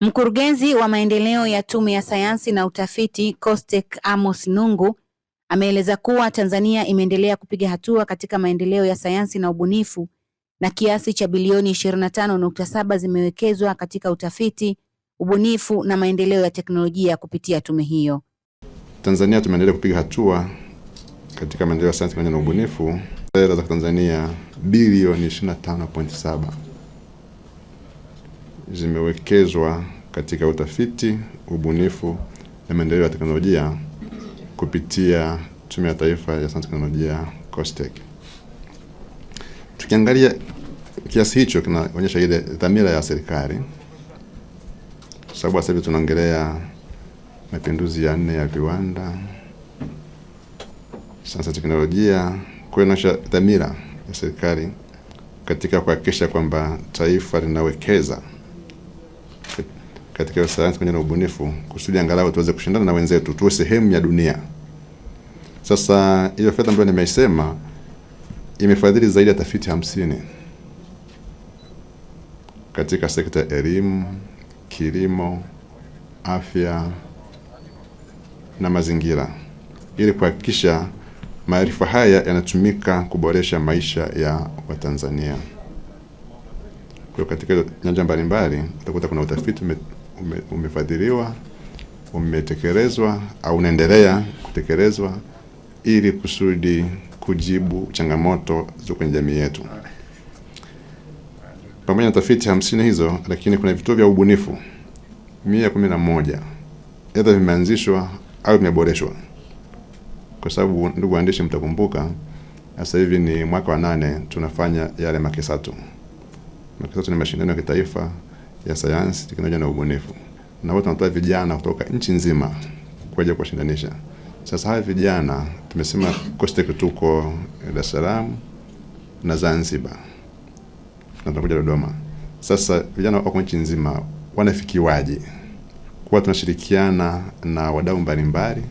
Mkurugenzi wa maendeleo ya Tume ya Sayansi na Utafiti COSTECH Amos Nungu ameeleza kuwa Tanzania imeendelea kupiga hatua katika maendeleo ya sayansi na ubunifu na kiasi cha bilioni 25.7 zimewekezwa katika utafiti, ubunifu na maendeleo ya teknolojia kupitia tume hiyo. Tanzania tumeendelea kupiga hatua katika maendeleo ya sayansi na ubunifu. Fedha za Tanzania bilioni 25.7 zimewekezwa katika utafiti, ubunifu na maendeleo ya teknolojia kupitia Tume ya Taifa ya Sayansi Teknolojia COSTECH. Tukiangalia kiasi hicho kinaonyesha ile dhamira ya serikali, sababu sasa hivi tunaongelea mapinduzi ya nne ya viwanda, sayansi na teknolojia. Kwa hiyo inaonyesha dhamira ya serikali katika kuhakikisha kwamba taifa linawekeza katika sayansi pamoja na ubunifu kusudi angalau tuweze kushindana na wenzetu, tuwe sehemu ya dunia. Sasa hiyo fedha ambayo nimeisema imefadhili zaidi ya tafiti hamsini katika sekta ya elimu, kilimo, afya na mazingira ili kuhakikisha maarifa haya yanatumika kuboresha maisha ya Watanzania. Kwa katika nyanja mbalimbali utakuta kuna utafiti ume, umefadhiliwa umetekelezwa au unaendelea kutekelezwa ili kusudi kujibu changamoto za kwenye jamii yetu. Pamoja na tafiti hamsini hizo, lakini kuna vituo vya ubunifu mia kumi na moja aidha vimeanzishwa au vimeboreshwa, kwa sababu ndugu waandishi, mtakumbuka sasa hivi ni mwaka wa nane tunafanya yale makesatu. Makesatu ni mashindano ya kitaifa ya sayansi, teknolojia na ubunifu, na wote wanatoa vijana kutoka nchi nzima kuja kuwashindanisha. Sasa hawa vijana tumesema COSTECH tuko Dar es Salaam na Zanzibar na tunakuja Dodoma. Sasa vijana wako nchi nzima wanafikiwaje? Kuwa tunashirikiana na wadau mbalimbali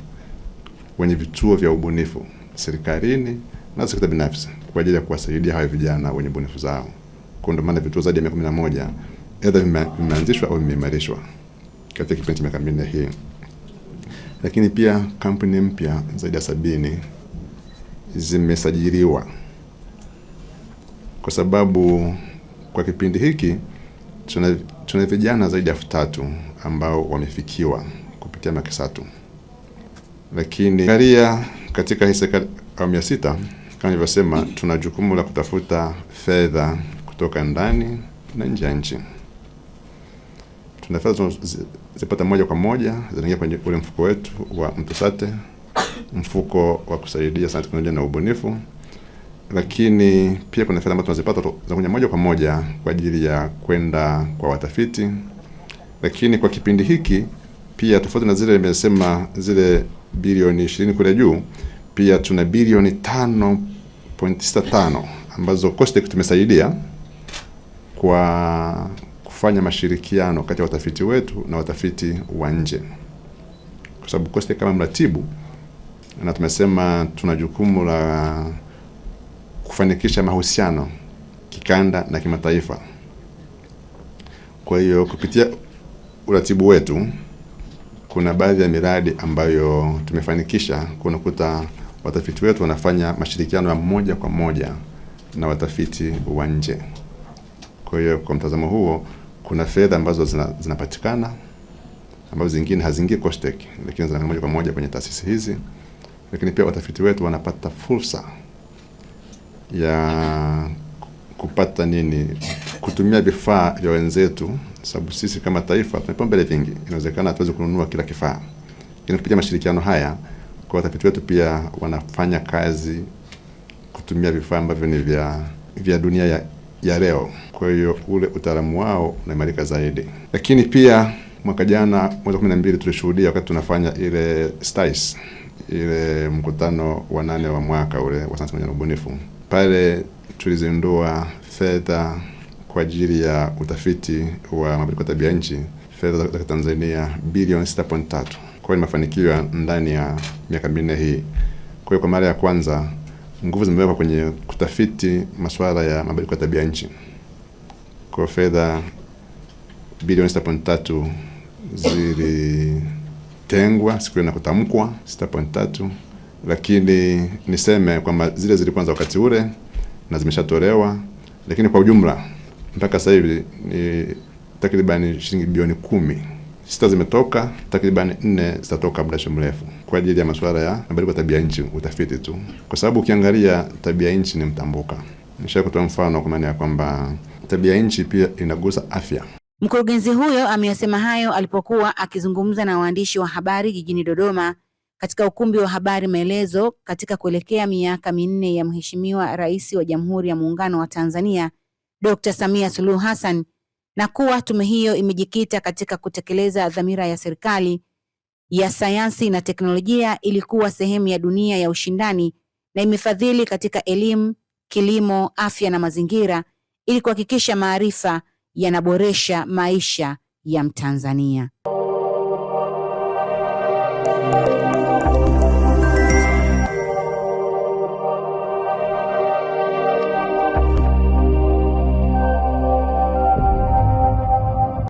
wenye vituo vya ubunifu serikalini na sekta binafsi kwa ajili ya kuwasaidia hawa vijana wenye ubunifu zao. Kwa ndio maana vituo zaidi ya mia kumi na moja edha vimeanzishwa au vimeimarishwa katika kipindi cha miaka minne hii. Lakini pia kampuni mpya zaidi ya sabini zimesajiliwa, kwa sababu kwa e kipindi hiki tuna, tuna vijana zaidi ya elfu tatu ambao wamefikiwa kupitia MAKISATU. Lakini karia katika hii serikali awamu ya sita kama nilivyosema, tuna jukumu la kutafuta fedha kutoka ndani na nje ya nchi. Tunda hizo zipata moja kwa moja zinaingia kwenye ule mfuko wetu wa Mtusate, mfuko wa kusaidia sana teknolojia na ubunifu, lakini pia kuna fedha ambazo tunazipata zinakuja moja kwa moja kwa ajili ya kwenda kwa watafiti, lakini kwa kipindi hiki pia tofauti na zile nimesema zile bilioni ishirini kule juu, pia tuna bilioni tano pointi sita tano ambazo COSTECH tumesaidia kwa kufanya mashirikiano kati ya watafiti wetu na watafiti wa nje, kwa sababu COSTECH kama mratibu, na tumesema tuna jukumu la kufanikisha mahusiano kikanda na kimataifa. Kwa hiyo kupitia uratibu wetu kuna baadhi ya miradi ambayo tumefanikisha kunakuta watafiti wetu wanafanya mashirikiano ya moja kwa moja na watafiti wa nje. Kwa hiyo kwa mtazamo huo kuna fedha ambazo zina, zinapatikana ambazo zingine hazingii COSTECH lakini zinaenda moja kwa moja kwenye taasisi hizi, lakini pia watafiti wetu wanapata fursa ya kupata nini, kutumia vifaa vya wenzetu, sababu sisi kama taifa tunapo mbele vingi, inawezekana hatuwezi kununua kila kifaa, lakini kupitia mashirikiano haya kwa watafiti wetu pia wanafanya kazi kutumia vifaa ambavyo ni vya, vya dunia ya, ya leo. Kwa hiyo ule utaalamu wao unaimarika zaidi, lakini pia mwaka jana mwezi kumi na mbili tulishuhudia wakati tunafanya ile STIS, ile mkutano wa nane wa mwaka ule wa sayansi na ubunifu, pale tulizindua fedha kwa ajili ya utafiti wa mabadiliko ya tabia nchi, fedha za Tanzania bilioni 6.3. Kwa hiyo ya ndani ya miaka minne hii. Kwa hiyo kwa mara ya kwanza nguvu zimewekwa kwenye kutafiti masuala ya mabadiliko ya tabia nchi kwa fedha bilioni sita point tatu zilitengwa siku na kutamkwa sita point tatu lakini niseme kwamba zile zilikuanza wakati ule na zimeshatolewa, lakini kwa ujumla mpaka sasa hivi ni takriban shilingi bilioni kumi. Sita zimetoka, takriban nne zitatoka muda si mrefu kwa ajili ya masuala ya mabadiliko ya tabia nchi, utafiti tu, kwa sababu ukiangalia tabia nchi ni mtambuka. Nishakutoa mfano kwa maana ya kwamba tabia nchi pia inagusa afya. Mkurugenzi huyo ameyasema hayo alipokuwa akizungumza na waandishi wa habari jijini Dodoma katika ukumbi wa habari Maelezo katika kuelekea miaka minne ya Mheshimiwa Rais wa Jamhuri ya Muungano wa Tanzania Dr. Samia Suluhu Hassan na kuwa tume hiyo imejikita katika kutekeleza dhamira ya serikali ya sayansi na teknolojia ilikuwa sehemu ya dunia ya ushindani na imefadhili katika elimu, kilimo, afya na mazingira ili kuhakikisha maarifa yanaboresha maisha ya Mtanzania.